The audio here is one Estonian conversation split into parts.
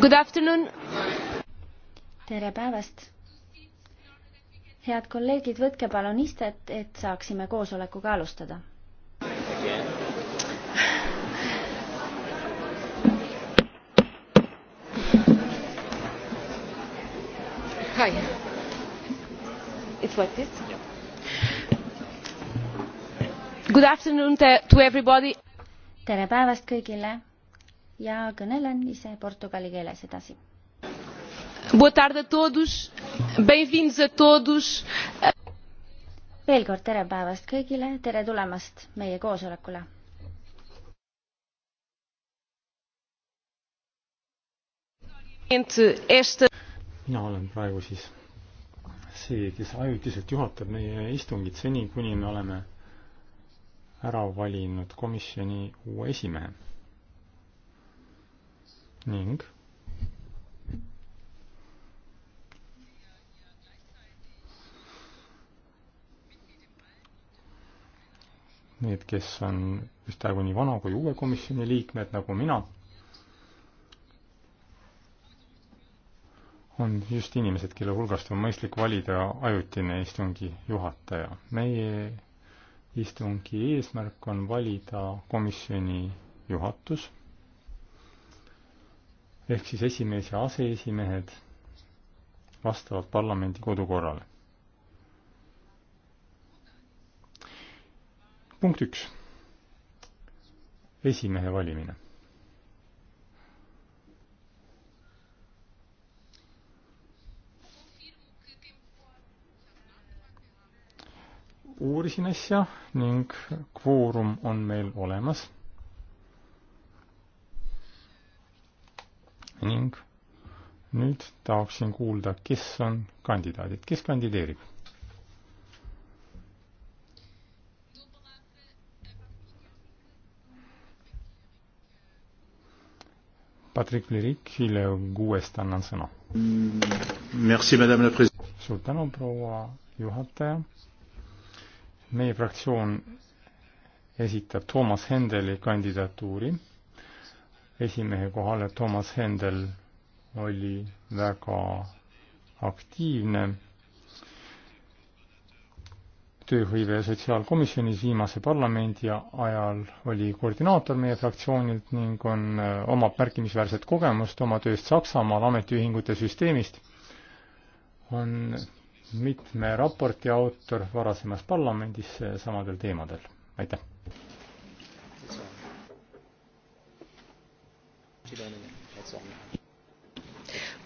Good afternoon. tere päevast. head kolleegid, võtke palun istet, et saaksime koosolekuga alustada. Hi. It's like this? Yeah. Good afternoon to everybody. tere päevast kõigile ja kõnelen ise portugali keeles edasi. Boa tarde a todos, bem-vindos a todos. veel kord tere päevast kõigile, tere tulemast meie koosolekule. mina olen praegu siis see, kes ajutiselt juhatab meie istungit seni, kuni me oleme ära valinud komisjoni uue esimehe ning need, kes on ühtaegu nii vana kui uue komisjoni liikmed nagu mina, on just inimesed, kelle hulgast on mõistlik valida ajutine istungi juhataja. meie istungi eesmärk on valida komisjoni juhatus ehk siis esimees ja aseesimehed vastavalt parlamendi kodukorrale. punkt üks, esimehe valimine. uurisin asja ning kvoorum on meil olemas ning nüüd tahaksin kuulda, kes on kandidaadid, kes kandideerib? Patrick Lirik, hilja kuuest annan sõna. suur tänu, proua juhataja. meie fraktsioon esitab Toomas Hendeli kandidatuuri esimehe kohale Toomas Hendel oli väga aktiivne tööhõive ja sotsiaalkomisjonis viimase parlamendi ajal oli koordinaator meie fraktsioonilt ning on, äh, omab märkimisväärset kogemust oma tööst Saksamaal ametiühingute süsteemist. on mitme raporti autor varasemas parlamendis äh, samadel teemadel. aitäh!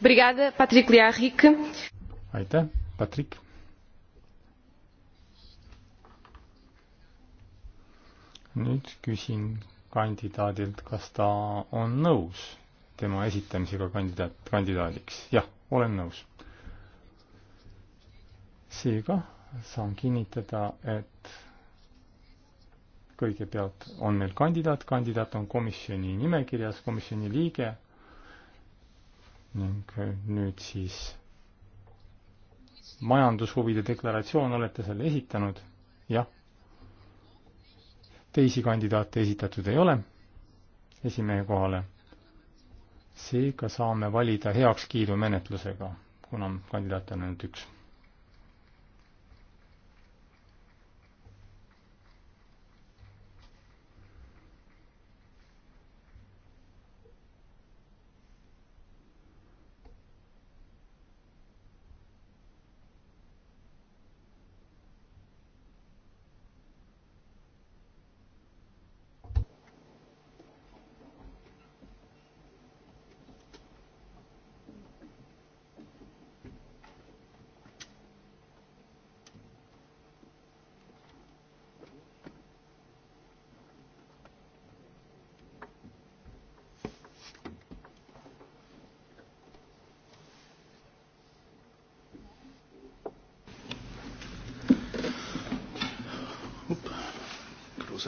Brigada, Patrick Liarik. aitäh, Patrick. nüüd küsin kandidaadilt, kas ta on nõus tema esitamisega kandidaat, kandidaadiks. jah, olen nõus. seega saan kinnitada, et kõigepealt on meil kandidaat, kandidaat on komisjoni nimekirjas, komisjoni liige ning nüüd siis majandushuvide deklaratsioon olete selle esitanud? jah. teisi kandidaate esitatud ei ole esimehe kohale. seega saame valida heakskiidumenetlusega, kuna kandidaate on ainult üks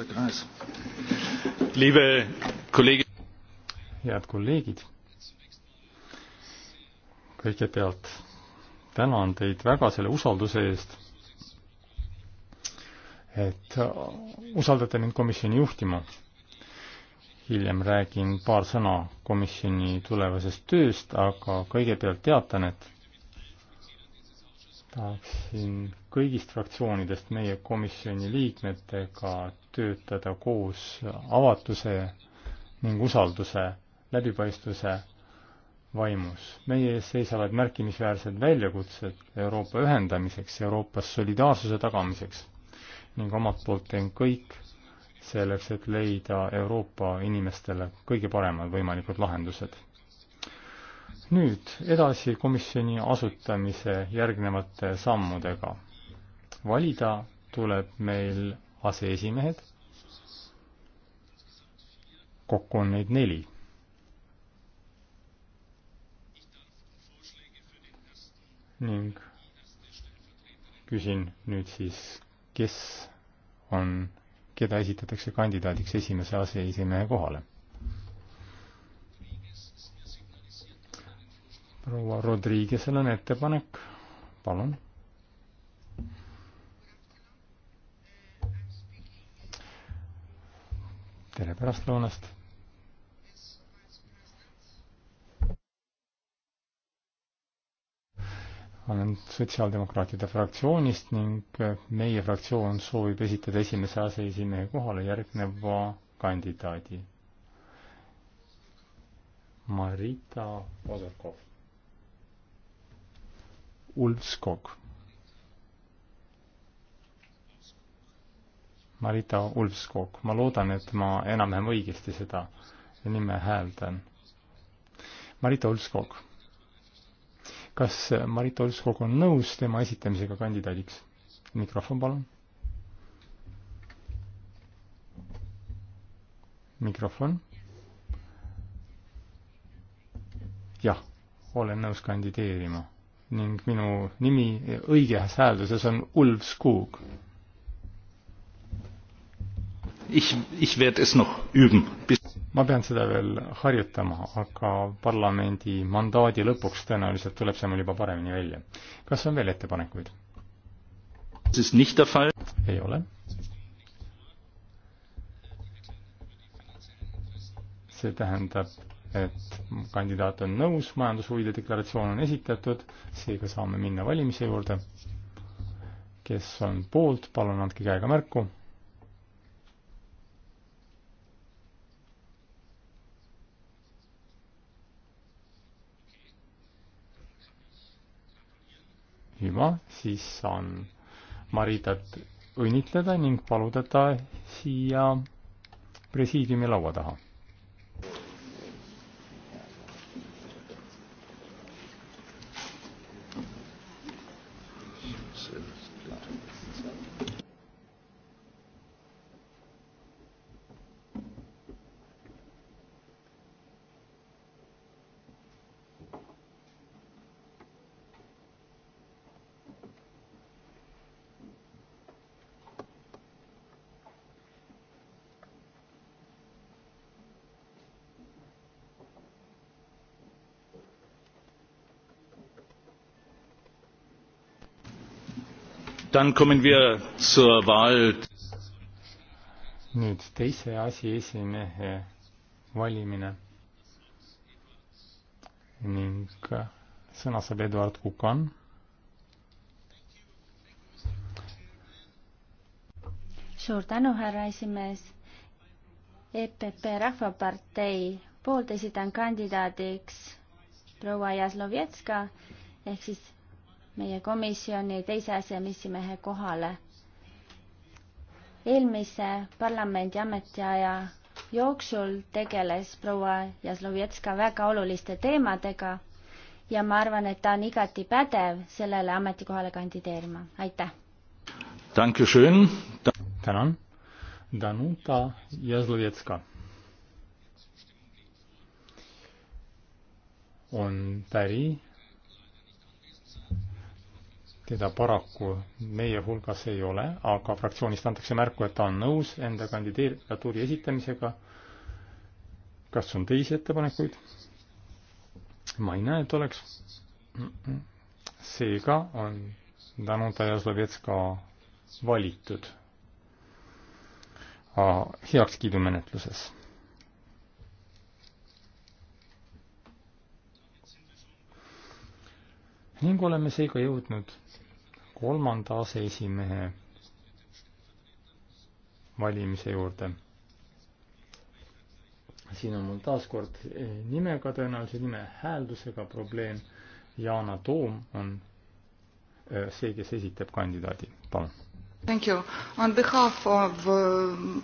großer Kreis. Liebe Kollegen. head kolleegid. kõigepealt tänan teid väga selle usalduse eest, et usaldate mind komisjoni juhtima. hiljem räägin paar sõna komisjoni tulevasest tööst, aga kõigepealt teatan, et tahaksin kõigist fraktsioonidest meie komisjoni liikmetega töötada koos avatuse ning usalduse, läbipaistvuse vaimus. meie ees seisavad märkimisväärsed väljakutsed Euroopa ühendamiseks, Euroopas solidaarsuse tagamiseks ning omalt poolt teen kõik selleks, et leida Euroopa inimestele kõige paremad võimalikud lahendused nüüd edasi komisjoni asutamise järgnevate sammudega. valida tuleb meil aseesimehed. kokku on neid neli. ning küsin nüüd siis, kes on, keda esitatakse kandidaadiks esimese aseesimehe kohale proua Rodriguez'el on ettepanek, palun. tere pärastlõunast. olen Sotsiaaldemokraatide fraktsioonist ning meie fraktsioon soovib esitada esimese aseesimehe kohale järgneva kandidaadi Marita Ozarkov Ulvskog. Marita Ulvskog, ma loodan, et ma enam-vähem õigesti seda nime hääldan. Marita Ulvskog. kas Marita Ulvskog on nõus tema esitamisega kandidaadiks? mikrofon palun. mikrofon. jah, olen nõus kandideerima ning minu nimi õiges häälduses on Ulf Skog. ma pean seda veel harjutama, aga parlamendi mandaadi lõpuks tõenäoliselt tuleb see mul juba paremini välja. kas on veel ettepanekuid? ei ole. see tähendab et kandidaat on nõus, majandushuvide deklaratsioon on esitatud, seega saame minna valimise juurde. kes on poolt, palun andke käega märku. hüva, siis saan Maritat õnnitleda ning paluda ta siia presiidiumi laua taha Dann kommen wir zur Wahl. nüüd teise aseesimehe valimine ning sõna saab Eduard Kukan. suur tänu, härra esimees. EPP Rahvapartei poolt esitan kandidaadiks proua Jaslovetska ehk siis meie komisjoni teise asjamissimihe kohale. eelmise parlamendi ametiaja jooksul tegeles proua Jaslovetska väga oluliste teemadega ja ma arvan, et ta on igati pädev sellele ametikohale kandideerima, aitäh! tänan, Danuta Jaslovetska. on päri teda paraku meie hulgas ei ole, aga fraktsioonist antakse märku, et ta on nõus enda kandidatuuri esitamisega. kas on teisi ettepanekuid? ma ei näe, et oleks. seega on Danuta Jazlovetska valitud heakskiidumenetluses ning oleme seega jõudnud kolmanda aseesimehe valimise juurde. siin on mul taaskord eh, nimega tõenäolise nime hääldusega probleem. Yana Toom on eh, see, kes esitab kandidaadi, palun. Thank you, on behalf of uh,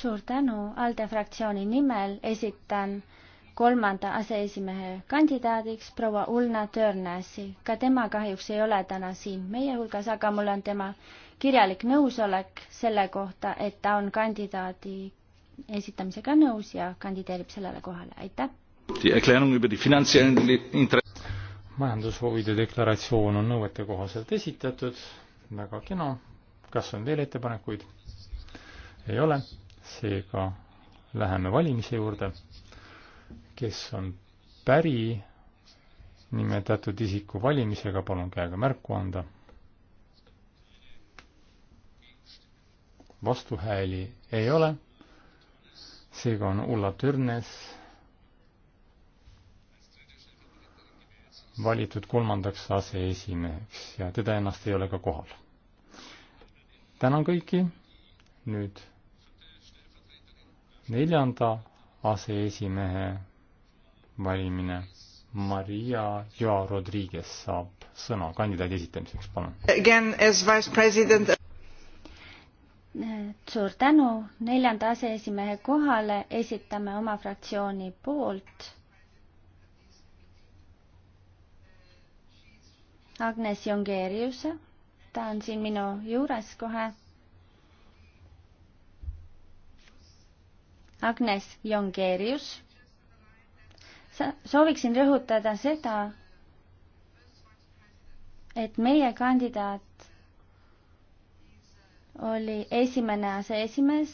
suur tänu, ALDE fraktsiooni nimel esitan äh, kolmanda aseesimehe kandidaadiks proua Ulna Törnäsi. ka tema kahjuks ei ole täna siin meie hulgas, aga mul on tema kirjalik nõusolek selle kohta, et ta on kandidaadi esitamisega nõus ja kandideerib sellele kohale, aitäh! majandushuvide deklaratsioon on nõuetekohaselt esitatud, väga kena. kas on veel ettepanekuid? ei ole, seega läheme valimise juurde kes on päri nimetatud isiku valimisega, palun käega märku anda. vastuhääli ei ole, seega on Ulla Türnes valitud kolmandaks aseesimeheks ja teda ennast ei ole ka kohal. tänan kõiki, nüüd neljanda aseesimehe valimine. Maria Joa Rodriguez saab sõna kandidaadi esitamiseks, palun. suur tänu, neljanda aseesimehe kohale esitame oma fraktsiooni poolt Agnes Jongeriuse, ta on siin minu juures kohe Agnes Jongeerius. sooviksin rõhutada seda, et meie kandidaat oli esimene aseesimees.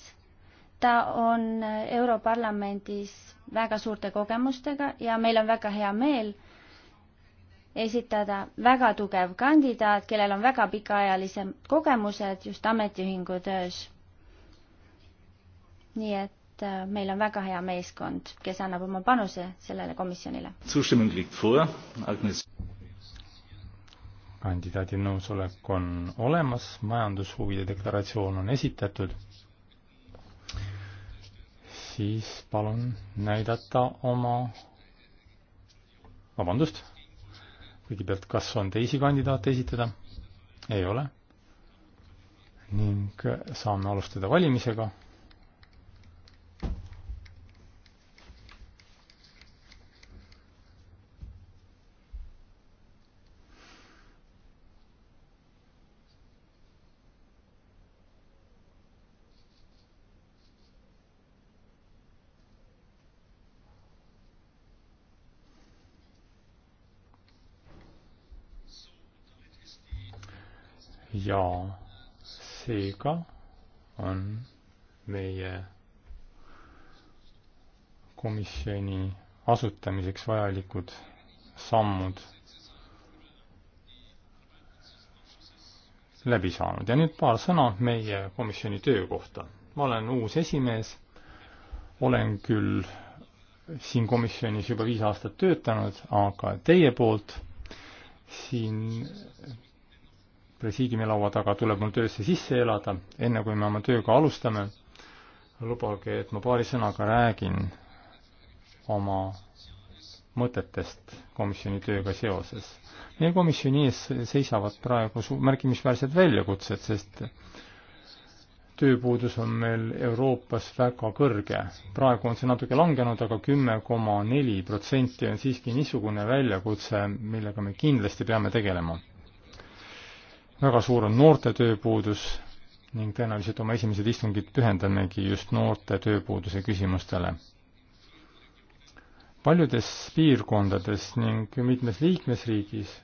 ta on Europarlamendis väga suurte kogemustega ja meil on väga hea meel esitada väga tugev kandidaat, kellel on väga pikaajalised kogemused just ametiühingu töös. nii et et äh, meil on väga hea meeskond, kes annab oma panuse sellele komisjonile. kandidaadi nõusolek on olemas, majandushuvide deklaratsioon on esitatud, siis palun näidata oma, vabandust, kõigepealt, kas on teisi kandidaate esitada? ei ole. ning saame alustada valimisega ja seega on meie komisjoni asutamiseks vajalikud sammud läbi saanud ja nüüd paar sõna meie komisjoni töö kohta. ma olen uus esimees, olen küll siin komisjonis juba viis aastat töötanud, aga teie poolt siin presiidiumi laua taga, tuleb mul töösse sisse elada, enne kui me oma tööga alustame. lubage, et ma paari sõnaga räägin oma mõtetest komisjoni tööga seoses. meie komisjoni ees seisavad praegu märkimisväärsed väljakutsed, sest tööpuudus on meil Euroopas väga kõrge. praegu on see natuke langenud aga, aga kümme koma neli protsenti on siiski niisugune väljakutse, millega me kindlasti peame tegelema väga suur on noorte tööpuudus ning tõenäoliselt oma esimesed istungid pühendamegi just noorte tööpuuduse küsimustele. paljudes piirkondades ning mitmes liikmesriigis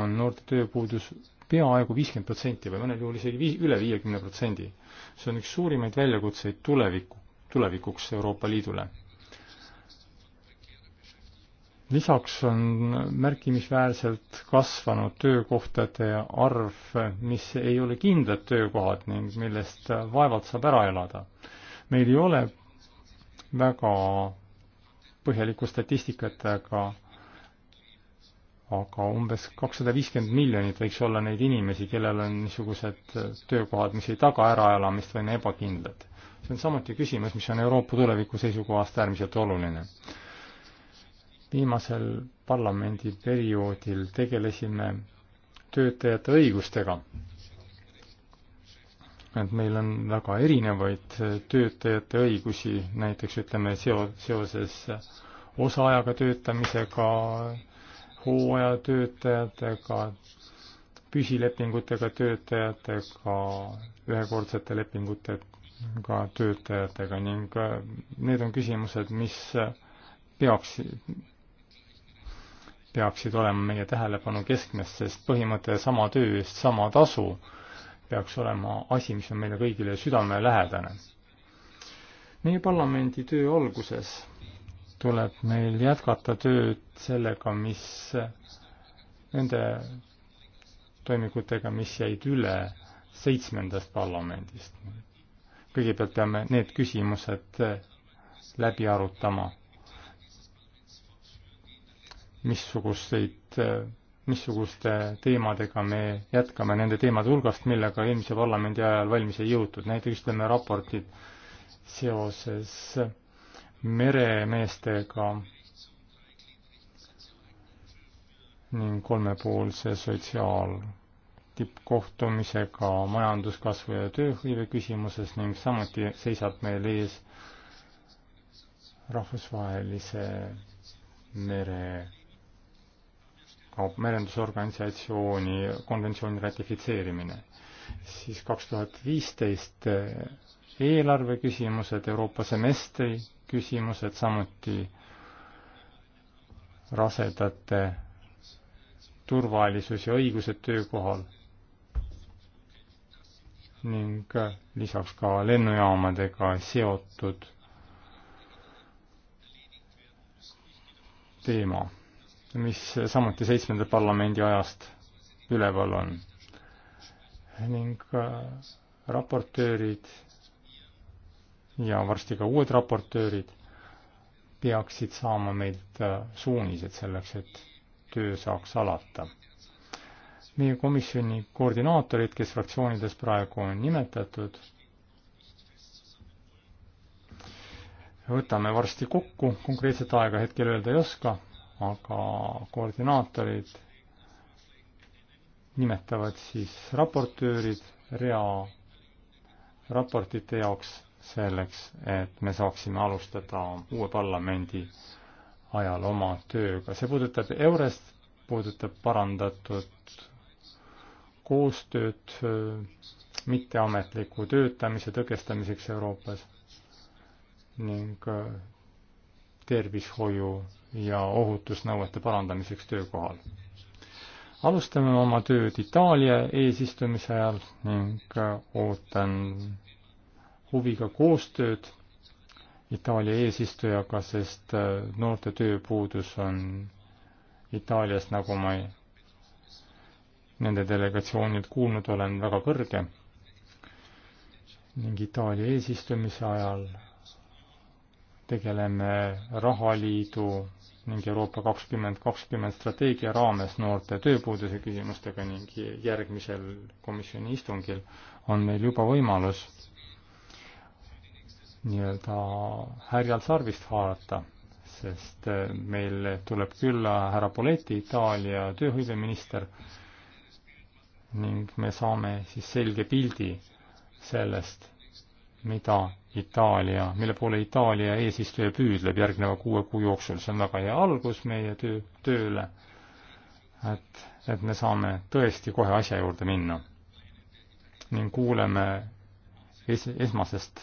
on noorte tööpuudus peaaegu viiskümmend protsenti või mõnel juhul isegi vii-, üle viiekümne protsendi. see on üks suurimaid väljakutseid tuleviku, tulevikuks Euroopa Liidule lisaks on märkimisväärselt kasvanud töökohtade arv, mis ei ole kindlad töökohad ning millest vaevalt saab ära elada. meil ei ole väga põhjalikku statistikat, aga aga umbes kakssada viiskümmend miljonit võiks olla neid inimesi, kellel on niisugused töökohad, mis ei taga äraelamist või on ebakindlad. see on samuti küsimus, mis on Euroopa tuleviku seisukohast äärmiselt oluline viimasel parlamendiperioodil tegelesime töötajate õigustega. et meil on väga erinevaid töötajate õigusi, näiteks ütleme seo-, seoses osaajaga töötamisega, hooajatöötajatega, püsilepingutega töötajatega, ühekordsete lepingutega töötajatega ning need on küsimused, mis peaks, peaksid olema meie tähelepanu keskmes, sest põhimõte sama töö eest sama tasu peaks olema asi, mis on meile kõigile südamelähedane. meie parlamendi töö alguses tuleb meil jätkata tööd sellega, mis nende toimikutega, mis jäid üle seitsmendast parlamendist. kõigepealt peame need küsimused läbi arutama missuguseid, missuguste teemadega me jätkame nende teemade hulgast, millega eelmise parlamendi ajal valmis ei jõutud, näiteks ütleme raportid seoses meremeestega ning kolmepoolse sotsiaal- tippkohtumisega majanduskasvu ja tööhõive küsimuses ning samuti seisab meil ees rahvusvahelise mere merendusorganisatsiooni konventsiooni ratifitseerimine. siis kaks tuhat viisteist eh, eelarve küsimused, Euroopa semestri küsimused, samuti rasedate turvalisus ja õigused töökohal ning eh, lisaks ka lennujaamadega seotud teema mis samuti seitsmenda parlamendi ajast üleval on. ning äh, raportöörid ja varsti ka uued raportöörid peaksid saama meilt äh, suunised selleks, et töö saaks alata. meie komisjoni koordinaatorid, kes fraktsioonides praegu on nimetatud, võtame varsti kokku, konkreetset aega hetkel öelda ei oska aga koordinaatorid nimetavad siis raportöörid rea raportite jaoks selleks, et me saaksime alustada uue parlamendi ajal oma tööga. see puudutab Eurest, puudutab parandatud koostööd äh, mitteametliku töötamise tõkestamiseks Euroopas ning äh, tervishoiu ja ohutusnõuete parandamiseks töökohal. alustame oma tööd Itaalia eesistumise ajal ning äh, ootan huviga koostööd Itaalia eesistujaga, sest äh, noorte tööpuudus on Itaalias, nagu ma nende delegatsioonilt kuulnud olen, väga kõrge. ning Itaalia eesistumise ajal tegeleme rahaliidu ning Euroopa kakskümmend kakskümmend strateegia raames noorte tööpuuduse küsimustega ning järgmisel komisjoni istungil on meil juba võimalus nii-öelda härjal sarvist haarata, sest äh, meil tuleb külla härra Poleti, Itaalia tööhõiveminister, ning me saame siis selge pildi sellest, mida Itaalia, mille poole Itaalia eesistuja püüdleb järgneva kuue kuu jooksul, see on väga hea algus meie töö, tööle, et, et me saame tõesti kohe asja juurde minna. ning kuuleme es-, esmasest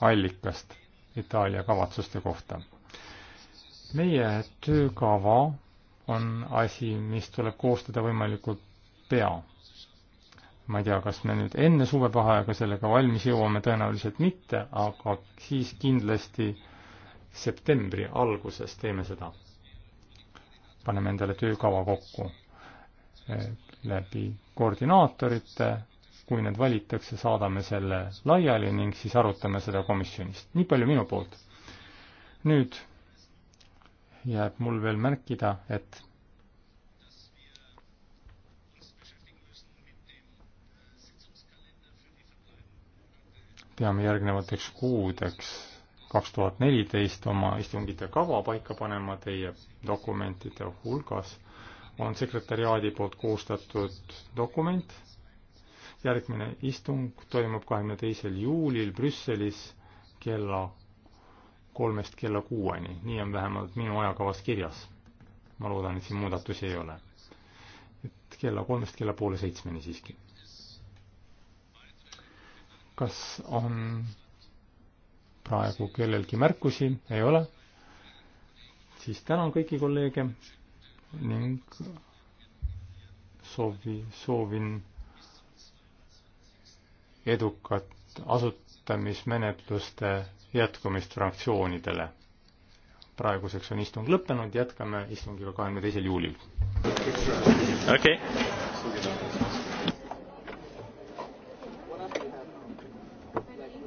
allikast Itaalia kavatsuste kohta. meie töökava on asi, mis tuleb koostada võimalikult pea ma ei tea, kas me nüüd enne suvevaheaega sellega valmis jõuame, tõenäoliselt mitte, aga siis kindlasti septembri alguses teeme seda. paneme endale töökava kokku eh, läbi koordinaatorite, kui need valitakse, saadame selle laiali ning siis arutame seda komisjonist. nii palju minu poolt. nüüd jääb mul veel märkida, et peame järgnevateks kuudeks kaks tuhat neliteist oma istungite kava paika panema teie dokumentide hulgas on sekretäriaadi poolt koostatud dokument. järgmine istung toimub kahekümne teisel juulil Brüsselis kella kolmest kella kuueni, nii on vähemalt minu ajakavas kirjas. ma loodan, et siin muudatusi ei ole. et kella kolmest kella poole seitsmeni siiski kas on praegu kellelgi märkusi, ei ole, siis tänan kõiki kolleege ning soovi, soovin edukat asutamismenetluste jätkumist fraktsioonidele. praeguseks on istung lõppenud, jätkame istungiga kahekümne teisel juulil. okei okay..